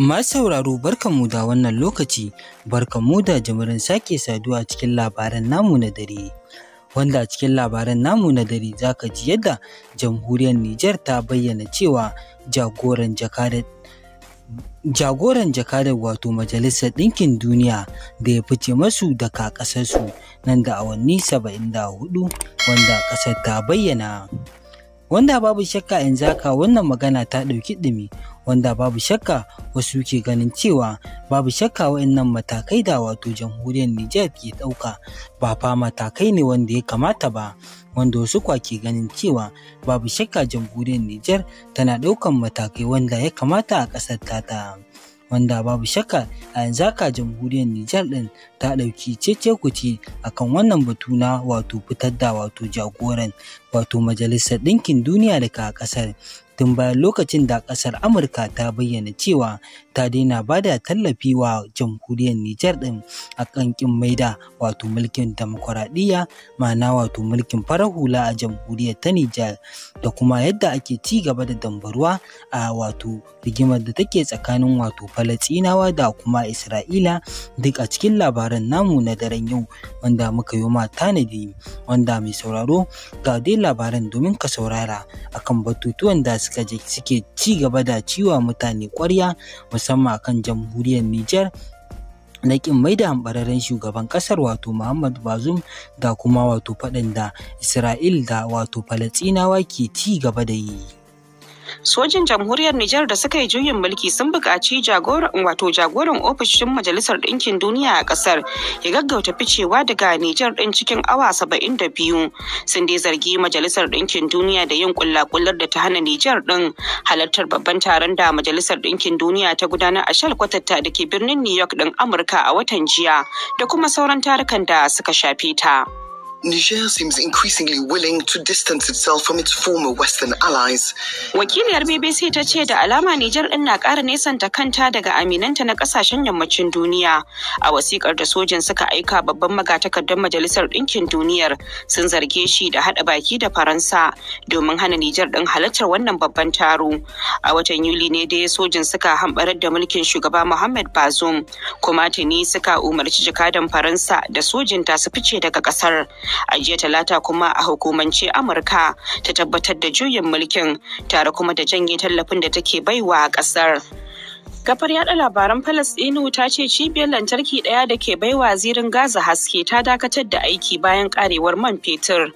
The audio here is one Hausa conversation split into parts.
Masu sauraro barkanmu da wannan lokaci, barkanmu da jimirin sake saduwa cikin labaran namu na dare. Wanda a cikin labaran namu na dare za ka ji yadda jamhuriyar Nijar ta bayyana cewa jagoran jakadar jagoran jakadar wato majalisar ɗinkin duniya da ya fice masu daga ƙasarsu nan da awanni 74 wanda ƙasar ta bayyana. wanda babu shakka in zaka wannan magana ta ɗauki ɗumi wanda babu shakka wasu ke ganin cewa babu shakka wa'annan matakai da wato jamhuriyar Nijar ke ɗauka ba fa matakai ne wanda ya kamata ba wanda wasu kwa ke ganin cewa babu shakka jamhuriyar Nijar tana ɗaukan matakai wanda ya kamata a ƙasar tata. wanda babu shakka a yanzu haka jamhuriyar Nijar ɗin ta ɗauki cece kuce akan wannan batu na wato fitar da wato jagoran wato majalisar ɗinkin duniya daga ƙasar tun bayan lokacin da ƙasar Amurka ta bayyana cewa ta daina ba da tallafi wa jamhuriyar Nijar ɗin a ƙanƙin maida wato mulkin demokuraɗiyya ma'ana wato mulkin farar hula a jamhuriyar ta Nijar da kuma yadda ake ci gaba da dambaruwa a wato rigimar da take tsakanin wato Falatsinawa da kuma Isra'ila duk a cikin labaran namu na daren yau wanda muka yi ma tanadi wanda mai sauraro ga dai labaran domin ka saurara akan batutuwan da suka suka suke ci gaba da ciwa mutane ƙwarya musamman kan jamhuriyar Nijar na ƙin mai da hambararren shugaban ƙasar wato Muhammad bazum da kuma wato faɗin da Isra'il da wato falastinawa ke ci gaba da yi. sojin jamhuriyar Nijar da suka yi juyin mulki sun buƙaci jagoran wato jagoran ofishin Majalisar Ɗinkin Duniya a ƙasar ya gaggauta ficewa daga Nijar ɗin cikin awa saba'in da biyu. Sun dai zargi Majalisar Ɗinkin Duniya da yin kullakullar da ta hana Nijar ɗin halartar babban taron da Majalisar Ɗinkin Duniya ta gudanar a Shal kwatatta da ke birnin New York ɗin Amurka a watan jiya da kuma sauran tarukan da suka shafe ta. Niger seems increasingly willing to distance itself from its former Western allies. Wakiliyar BBC ta ce da alama Niger din na ƙara nesanta kanta daga aminanta na ƙasashen yammacin duniya. A wasikar da sojin suka aika babban magatakardar Majalisar Ɗinkin Duniyar sun zarge shi da haɗa baki da Faransa domin hana Niger din halartar wannan babban taro. A watan Yuli ne dai sojin suka hambarar da mulkin shugaba Muhammad Bazoum kuma tuni suka umarci jakadan Faransa da sojin ta su fice daga ƙasar. a jiya talata kuma a hukumance amurka ta tabbatar da juyin mulkin tare kuma da janye tallafin da take baiwa a kasar Kafar yada labaran Falasɗinu ta ce cibiyar lantarki ɗaya da ke baiwa zirin Gaza haske ta dakatar da aiki bayan karewar man fetur.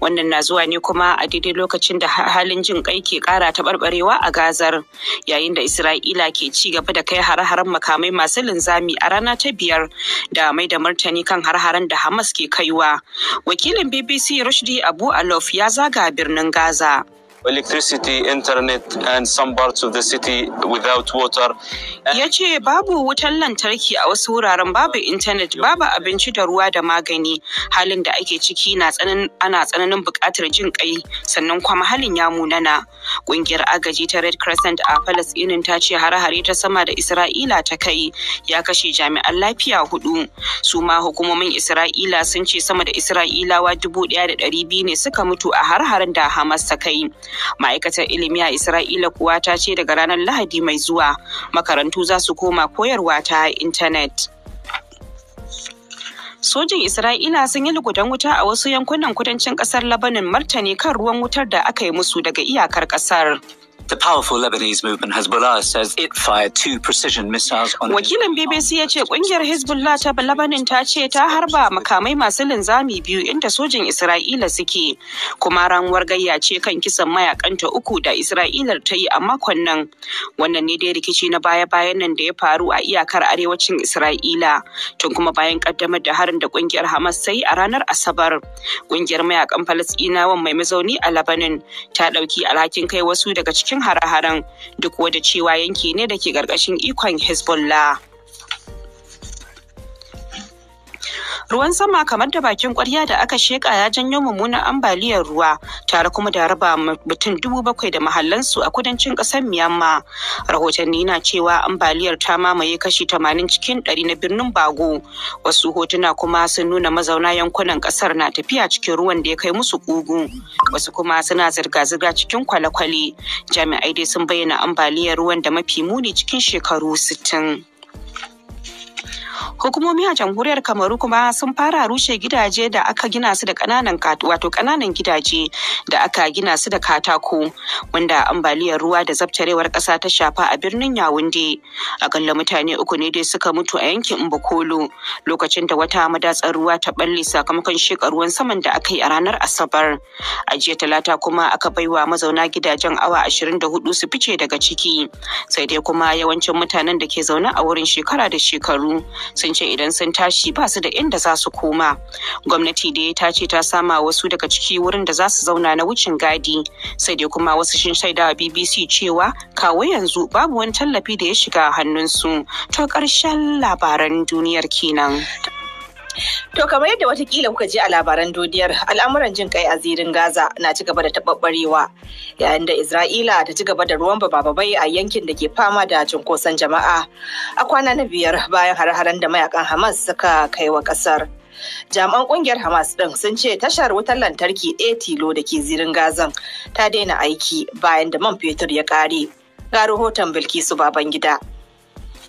Wannan na zuwa ne kuma a daidai lokacin da halin jin kai ke kara taɓarɓarewa a Gazar, yayin da Isra'ila ke ci gaba da kai harharen makamai masu linzami a rana ta biyar da mai da martani kan harharen da Hamas ke kaiwa. Wakilin BBC Rushdie Abu Alof ya zaga birnin Gaza. electricity, Ya ce babu wutar lantarki a wasu wuraren babu intanet, babu abinci da ruwa da magani. Halin da ake ciki na ana tsananin buƙatar jin ƙai, sannan kuma halin ya munana. Ƙungiyar agaji ta Red Crescent a Falasɗinin ta ce har hare ta sama da Isra'ila ta kai ya kashe jami'an lafiya hudu. Su ma hukumomin Isra'ila sun ce sama da Isra'ilawa dubu ɗaya da ɗari biyu ne suka mutu a har-haren da Hamas ta kai. ma'aikatar ilimi a isra'ila kuwa ta ce daga ranar lahadi mai zuwa makarantu za su koma koyarwa ta intanet sojin isra'ila sun yi lugudan wuta a wasu yankunan kudancin kasar labanin martani kan ruwan wutar da aka yi musu daga iyakar kasar The powerful Lebanese movement Hezbollah says Wakilin BBC ya ce kungiyar Hezbollah ta Lebanon ta ce ta harba makamai masu linzami biyu inda sojin Isra'ila suke kuma ranwar gayya ce kan kisan mayakanta uku da Isra'ilar ta yi a makon nan. Wannan ne dai rikici na baya-bayan nan da ya faru a iyakar arewacin Isra'ila tun kuma bayan kaddamar da harin da kungiyar Hamas sai a ranar Asabar. Kungiyar mayakan Falasɗinawan mai mazauni a labanin, ta ɗauki alhakin kai wasu daga cikin cikin hare-haren duk wada cewa yanki ne da ke ƙarƙashin ikon Hezbollah. ruwan sama kamar da bakin kwarya da aka sheka ya janyo mummunan ambaliyar ruwa tare kuma da raba mutum dubu bakwai da mahallansu a kudancin kasar Miyamma. rahotanni na cewa ambaliyar ta mamaye kashi tamanin cikin ɗari na birnin bago wasu hotuna kuma sun nuna mazauna yankunan kasar na tafiya cikin ruwan da ya kai musu kugu wasu kuma suna zirga-zirga cikin kwale-kwale jami'ai dai sun bayyana ambaliyar ruwan da mafi muni cikin shekaru sittin. Hukumomi a jamhuriyar Kamaru kuma sun fara rushe gidaje da aka gina su da kananan wato kananan gidaje da aka gina su da katako wanda ambaliyar ruwa da zabtarewar ƙasa ta shafa a birnin Yawunde. Akalla mutane uku ne dai suka mutu a yankin Mbokolo lokacin da wata madatsar ruwa ta balle sakamakon shekar saman da aka yi a ranar Asabar. A jiya Talata kuma aka baiwa mazauna gidajen awa ashirin da hudu su fice daga ciki. Sai dai kuma yawancin mutanen da ke zaune a wurin shekara da shekaru sun abincin idan sun tashi ba su da inda za su koma. Gwamnati dai ta ce ta sama wasu daga ciki wurin da za su zauna na wucin gadi. Sai dai kuma wasu shin shaida BBC cewa kawo yanzu babu wani tallafi da ya shiga hannunsu. To ƙarshen labaran duniyar kenan. To kamar yadda watakila kuka ji a labaran duniyar al'amuran jin kai a zirin Gaza na ci gaba da taɓaɓɓarewa yayin da Isra'ila ta ci gaba da ruwan bababai a yankin da ke fama da cunkoson jama'a a kwana na biyar bayan har-haren da mayakan Hamas suka kai wa ƙasar. Jami'an ƙungiyar Hamas ɗin sun ce tashar wutar lantarki ɗaya tilo da ke zirin Gazan ta daina aiki bayan da man fetur ya ƙare. Ga rahoton Bilkisu Babangida. gida.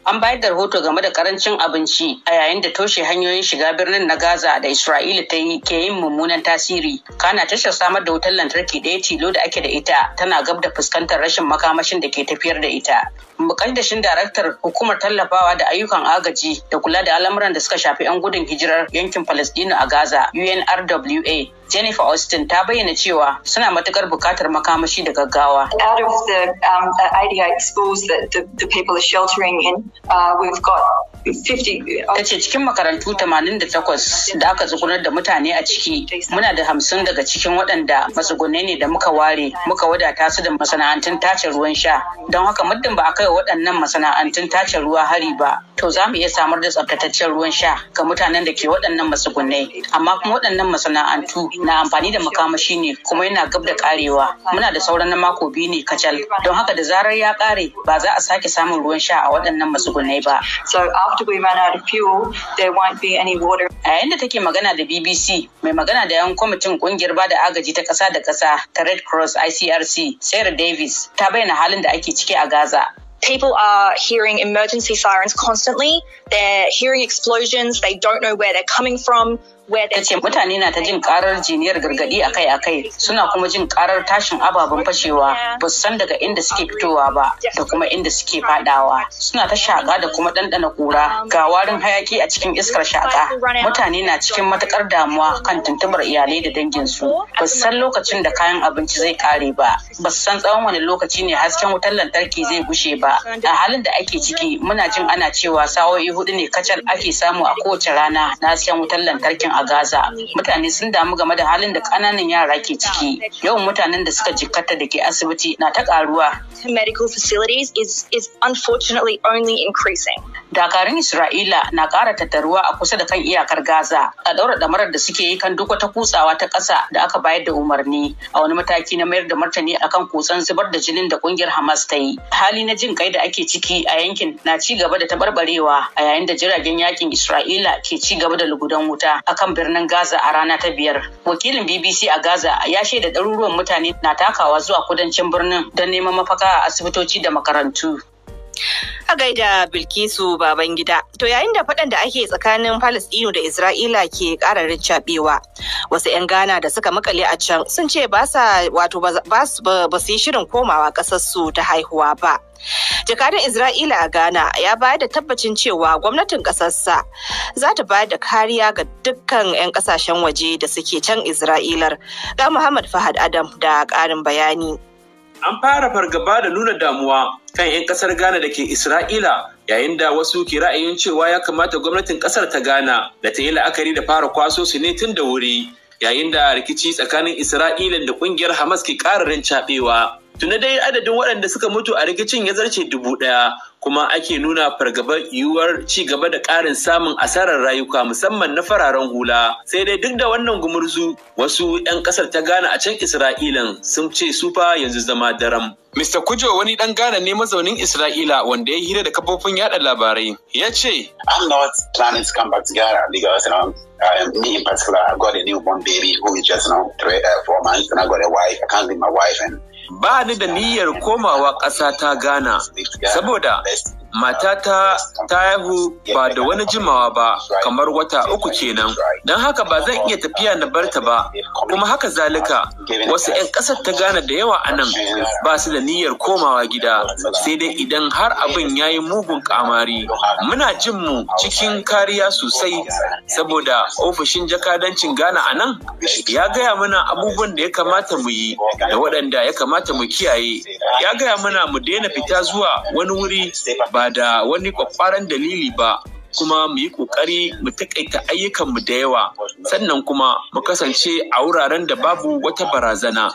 an bayar da rahoto game da karancin abinci a yayin da toshe hanyoyin shiga birnin na Gaza da Isra'ila ta yi ke yin mummunan tasiri. Kana tashar samar da wutar lantarki ɗaya tilo da ake da ita tana gab da fuskantar rashin makamashin da ke tafiyar da ita. Mukaddashin daraktar hukumar tallafawa da ayyukan agaji da kula da al'amuran da suka shafi 'yan gudun hijirar yankin palestina a Gaza UNRWA Jennifer Austin ta bayyana cewa suna matukar bukatar makamashi da gaggawa. Out of the, um, 88 schools that the, the people are sheltering in, uh, we've got ta ce cikin makarantu 88 da aka tsugunar da mutane a ciki muna da hamsin daga cikin waɗanda matsugunai ne da muka ware muka wadata su da masana'antun tace ruwan sha don haka muddin ba a kai waɗannan masana'antun tace ruwa hari ba to za mu iya samar da tsaftataccen ruwan sha ga mutanen da ke waɗannan matsugunai amma kuma waɗannan masana'antu na amfani da makamashi ne kuma yana gab da karewa muna da sauran na mako biyu ne kacal don haka da zarar ya kare ba za a sake samun ruwan sha a waɗannan matsugunai ba. after we run out of fuel, there won't be any water. A yanda take magana da BBC, mai magana da 'yan kwamitin kungiyar agaji ta da ta Red Cross ICRC, Sarah Davis, ta bayyana halin da ake ciki a Gaza. people are hearing emergency sirens constantly. They're hearing explosions. They don't know where they're coming from. Ta ce mutane na ta jin karar jiniyar gargadi akai-akai suna kuma jin karar tashin ababen fashewa ba su san daga inda suke fitowa ba da kuma inda suke fadawa. Suna ta shaka da kuma ɗanɗana kura ga warin hayaki a cikin iskar shaka. Mutane na cikin matukar damuwa kan tuntumar iyalai da danginsu. Ba su san lokacin da kayan abinci zai kare ba. Ba su san tsawon wani lokaci ne hasken wutar lantarki zai bushe ba. A halin da ake ciki muna jin ana cewa sa'o'i hudu ne kacal ake samu a kowace rana na hasken wutar lantarkin a Gaza. Mutane sun damu game da halin da yara ke ciki. Yawan mutanen da suka jikkata da ke asibiti na ta Medical facilities is, is unfortunately only increasing. dakarun isra'ila na ƙara tattaruwa a kusa da kan iyakar gaza a daura damarar da suke yi kan duk wata kutsawa ta ƙasa da aka bayar da umarni a wani mataki na mayar da martani akan kutsan zubar da jinin da ƙungiyar hamas ta yi hali na jin kai da ake ciki a yankin na ci gaba da tabarbarewa a yayin da jiragen yakin isra'ila ke ci gaba da lugudan wuta akan birnin gaza a rana ta biyar wakilin bbc a gaza ya shaida ɗaruruwan mutane na takawa zuwa kudancin birnin don neman mafaka a asibitoci da makarantu A gaida Bilkisu baban gida To yayin da faɗan da ake tsakanin Falasɗinu da Isra'ila ke kara rincaɓewa. Wasu 'yan Ghana da suka makale a can sun ce ba wato ba su yi shirin komawa ƙasarsu ta haihuwa ba. Jakadan Isra'ila a Ghana ya bayar da tabbacin cewa gwamnatin ƙasarsa za ta bayar da kariya ga dukkan 'yan ƙasashen waje da suke can Isra'ilar. Ga Muhammad Fahad Adam da ƙarin bayani. An fara fargaba da nuna damuwa kan 'yan kasar Ghana da ke Isra'ila yayin da wasu ke ra'ayin cewa ya kamata gwamnatin kasar ta Ghana da ta yi la'akari da fara kwaso su ne tun da wuri yayin da rikici tsakanin Isra'ila da kungiyar Hamas ke ƙararin cabewa, Tuna dai adadin waɗanda suka mutu a rikicin ya zarce dubu ɗaya kuma ake nuna fargabar yiwuwar ci gaba da ƙarin samun asarar rayuka musamman na fararen hula. Sai dai duk da wannan gumurzu wasu 'yan ƙasar ta gane a can Isra'ilan sun ce su fa yanzu zama daram. Mr. Kujo wani ɗan Ghana ne mazaunin Isra'ila wanda ya hira da kafofin yada labarai ya ce, I'm not planning to come back together because you know, um, me in particular, I've got a newborn baby who is just you know, three, uh, four months and I've got a wife. I can't leave my wife and ba ni da niyyar komawa ƙasa ta Ghana saboda matata ta haihu ba da wani jimawa ba kamar wata uku kenan don haka ba zan iya tafiya na barta ba kuma haka zalika wasu 'yan ƙasar ta gane da yawa a nan ba su da niyyar komawa gida sai dai idan har abin ya yi mugun kamari muna jin mu cikin kariya sosai saboda ofishin jakadancin ghana a nan ya gaya mana abubuwan da ya kamata mu yi da waɗanda ya kamata mu kiyaye ya gaya mana mu daina fita zuwa wani wuri ba da wani kwakwaran dalili ba kuma mu yi kokari mu takaita ayyukanmu da yawa sannan kuma mu kasance a wuraren da babu wata barazana.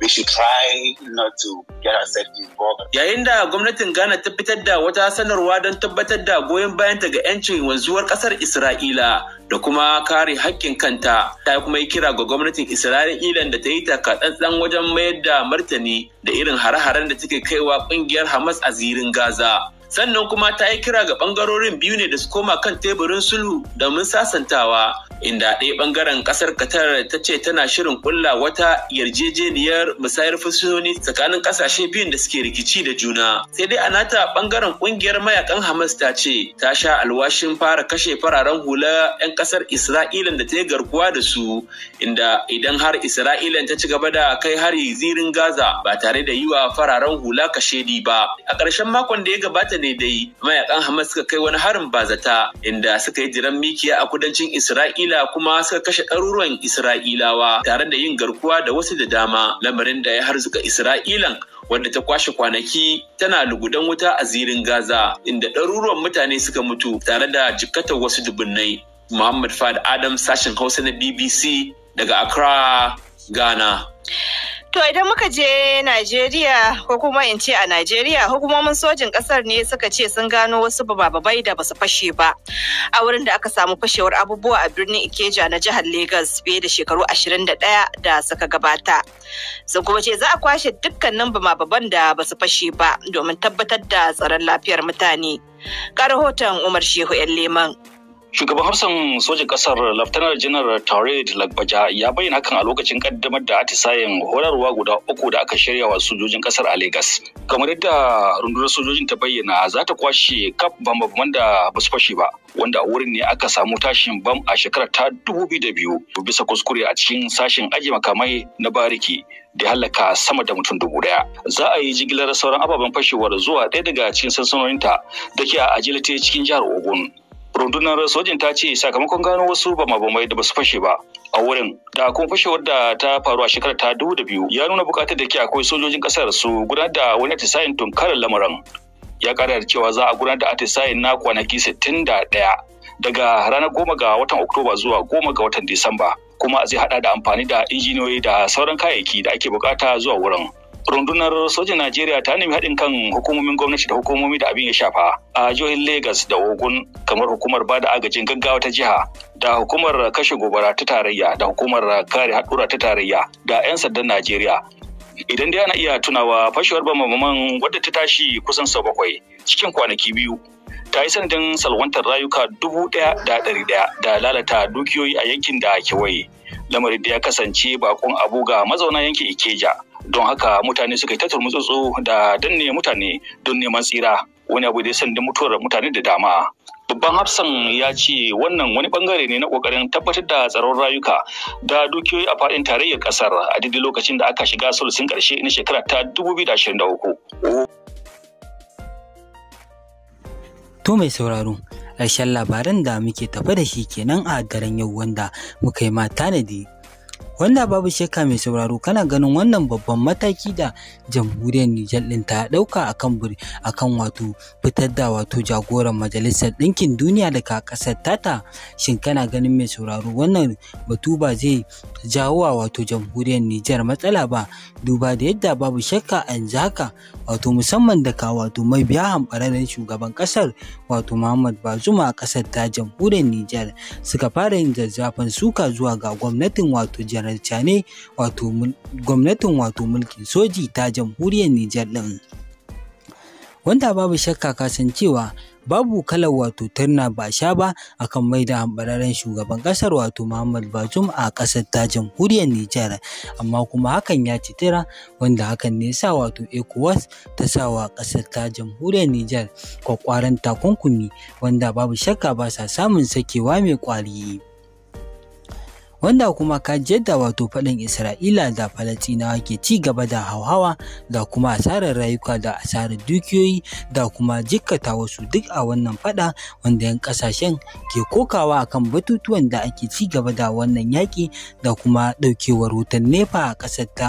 we should try not to get ourselves involved. Yayin da gwamnatin Ghana ta fitar da wata sanarwa don tabbatar da goyon bayanta ga 'yancin wanzuwar ƙasar Isra'ila da kuma kare haƙƙin kanta ta kuma yi kira ga gwamnatin Isra'ila da ta yi takatsantsan wajen mayar da martani da irin hare-haren da take kaiwa ƙungiyar Hamas a zirin Gaza. sannan kuma ta yi kira ga bangarorin biyu ne da su koma kan teburin sulhu domin sasantawa inda ɗaya bangaren ƙasar Qatar ta ce tana shirin kulla wata yarjejeniyar musayar fursunoni tsakanin ƙasashe biyun da suke rikici da juna. Sai dai a nata bangaren ƙungiyar mayakan Hamas ta ce ta sha alwashin fara kashe fararen hula 'yan ƙasar Isra'ila da ta yi garkuwa da su inda idan har Isra'ila ta ci gaba da kai hari zirin Gaza ba tare da yiwa fararen hula kashe ba. A ƙarshen makon da ya gabata ne dai mayakan Hamas suka kai wani harin bazata inda suka yi jiran mikiya a kudancin Isra'ila kuma suka kashe ɗaruruwan Isra'ilawa tare da yin garkuwa da wasu da dama lamarin da ya harzuka Isra'ilan wanda ta kwashe kwanaki tana lugudan wuta a zirin Gaza inda ɗaruruwan mutane suka mutu tare da jikkatar wasu dubunnai. Muhammad Fad Adam sashen Hausa na BBC daga Accra, Ghana. To idan muka je Najeriya ko kuma in ce a Najeriya hukumomin sojin kasar ne suka ce sun gano wasu bababai da basu fashe ba a wurin da aka samu fashewar abubuwa a birnin Ikeja na jihar Legas fiye da shekaru 21 da suka gabata. Sun kuma ce za a kwashe dukkanin bababan da basu fashe ba domin tabbatar da tsaron lafiyar mutane. Ga rahoton Umar Shehu 'yan Leman. Shugaban harsan sojin kasar Laftanar Janar Tarid Lagbaja ya bayyana hakan a lokacin kaddamar da atisayen horarwa guda uku da aka shirya wa sojojin kasar a Legas. Kamar yadda rundunar sojojin ta bayyana za ta kwashe kaf bambam da ba su fashe ba, wanda a wurin ne aka samu tashin bam a shekarar ta biyu, bisa kuskure a cikin sashen ajiye makamai na bariki. da halaka sama da mutum dubu daya. Za a yi jigilar sauran ababen fashewar zuwa ɗaya daga cikin sansanoninta da ke a ajilate cikin jihar Ogun. rundunar sojin ta ce sakamakon gano wasu bamabamai da basu fashe ba a wurin da kun fashewar da ta faru a shekarar ta dubu da biyu ya nuna bukatar da ke akwai sojojin kasar su gudanar da wani atisayin tunkarar lamarin ya kara da cewa za a gudanar da atisayin na kwanaki sittin da ɗaya daga ranar goma ga watan oktoba zuwa goma ga watan disamba kuma zai hada da amfani da injiniyoyi da sauran kayayyaki da ake bukata zuwa wurin rundunar sojin najeriya ta nemi haɗin kan hukumomin gwamnati da hukumomi da abin ya shafa a jihohin Legas da ogun kamar hukumar ba da agajin gaggawa ta jiha da hukumar kashe gobara ta tarayya da hukumar kare haɗura ta tarayya da 'yan sandan najeriya idan dai ana iya tunawa fashewar bamaman wadda ta tashi kusan sau bakwai cikin kwanaki biyu ta yi sanadin salwantar rayuka dubu ɗaya da ɗari ɗaya da lalata dukiyoyi a yankin da kewaye lamarin da ya kasance bakon abu ga mazauna yankin ikeja don haka mutane suka yi ta turmutsutsu da danne mutane don neman tsira wani abu da ya sanadin mutuwar mutane da dama babban hafsan ya ce wannan wani bangare ne na kokarin tabbatar da tsaron rayuka da dukiyoyi a fadin tarayyar kasar a daidai lokacin da aka shiga sulhun karshe na shekara ta 2023 To mai sauraro, ƙarshen labarin da muke tafa da shi kenan a daren yau wanda muka yi ma tanadi Wanda babu shakka mai sauraro kana ganin wannan babban mataki da jamhuriyar Nijar ɗin ta ɗauka akan akan wato fitar da wato jagoran majalisar ɗinkin duniya daga ƙasar tata shin kana ganin mai sauraro wannan batu ba zai jawo wa wato jamhuriyar Nijar matsala ba duba da yadda babu shakka an haka wato musamman daga wato mabiya hambararren shugaban ƙasar wato Muhammad Bazuma a ƙasar ta jamhuriyar Nijar suka fara yin zazzafan suka zuwa ga gwamnatin wato jihar General Chane wato gwamnatin wato mulkin soji ta jamhuriyar Nijar ɗin. Wanda babu shakka kasancewa babu kalar wato turna ba sha ba a kan mai da hambararren shugaban kasar wato Muhammadu bajum a kasar ta jamhuriyar Nijar amma kuma hakan ya citira wanda hakan ne sa wato ECOWAS ta sa wa kasar ta jamhuriyar Nijar kwakwaran takunkumi wanda babu shakka ba sa samun sakewa mai kwari. wanda kuma ka jadda wato faɗin Isra'ila da falastinawa ke ci gaba da hauhawa da kuma asarar rayuka da asarar dukiyoyi da kuma jikkata wasu duk a wannan faɗa wanda yan ƙasashen ke kokawa akan batutuwan da ake ci gaba da wannan yaƙi da kuma ɗaukewar wutan nefa a ƙasar ta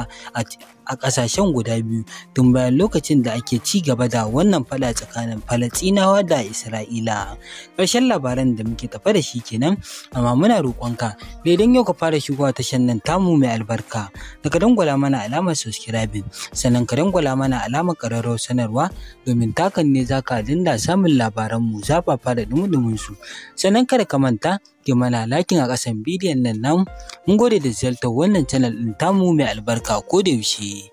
a ƙasashen guda biyu tun bayan lokacin da ake ci gaba da wannan fada tsakanin Falasɗinawa da Isra'ila. Ƙarshen labaran da muke tafa da shi kenan, amma muna roƙonka da idan yau ka fara shigowa tashar nan tamu mai albarka da ka dangwala mana alamar subscribing sannan ka dangwala mana alamar ƙararrawar sanarwa domin takan ne za ka dinda samun labaranmu zafafa da dumudumin su sannan kada ka manta ke mana lakin a ƙasan bidiyon nan namu mun gode da ziyartar wannan channel ɗin tamu mai albarka ko da yaushe lagi